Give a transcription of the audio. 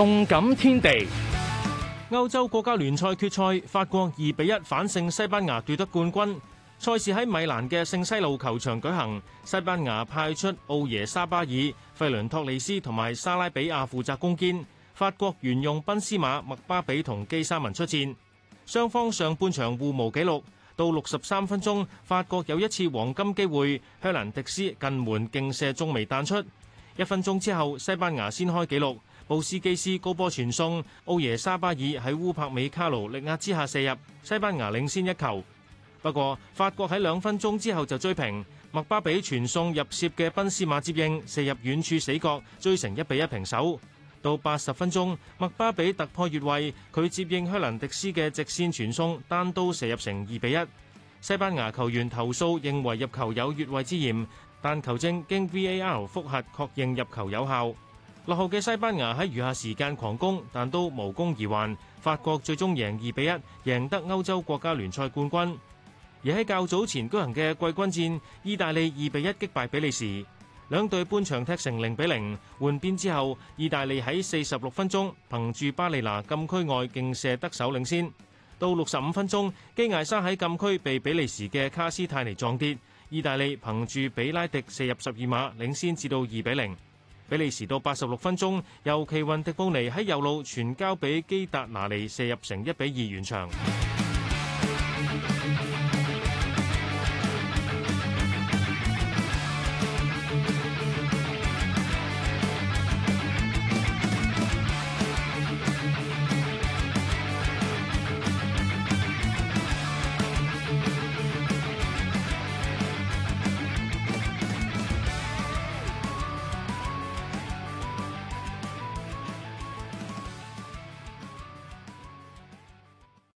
動感天地，歐洲國家聯賽決賽，法國二比一反勝西班牙，奪得冠軍。賽事喺米蘭嘅聖西路球場舉行。西班牙派出奧耶沙巴爾、費倫托利斯同埋沙拉比亞負責攻堅，法國沿用賓斯馬、麥巴比同基沙文出戰。雙方上半場互無紀錄，到六十三分鐘，法國有一次黃金機會，香蘭迪斯近門勁射中楣彈出。一分鐘之後，西班牙先開紀錄。布斯基斯高波傳送，奧耶沙巴爾喺烏帕美卡盧力壓之下射入，西班牙領先一球。不過法國喺兩分鐘之後就追平，麥巴比傳送入攝嘅賓斯馬接應射入遠處死角，追成一比一平手。到八十分鐘，麥巴比突破越位，佢接應克蘭迪斯嘅直線傳送，單刀射入成二比一。西班牙球員投訴，認為入球有越位之嫌，但球證經 VAR 複核確認入球有效。落後嘅西班牙喺餘下時間狂攻，但都無功而還。法國最終贏二比一，贏得歐洲國家聯賽冠軍。而喺較早前舉行嘅季軍戰，意大利二比一擊敗比利時，兩隊半場踢成零比零。換邊之後，意大利喺四十六分鐘憑住巴利拿禁區外勁射得手領先。到六十五分鐘，基艾沙喺禁區被比利時嘅卡斯泰尼撞跌，意大利憑住比拉迪射入十二碼領先至到二比零。比利時到八十六分鐘，由奇雲迪布尼喺右路傳交俾基達拿尼射入，成一比二完場。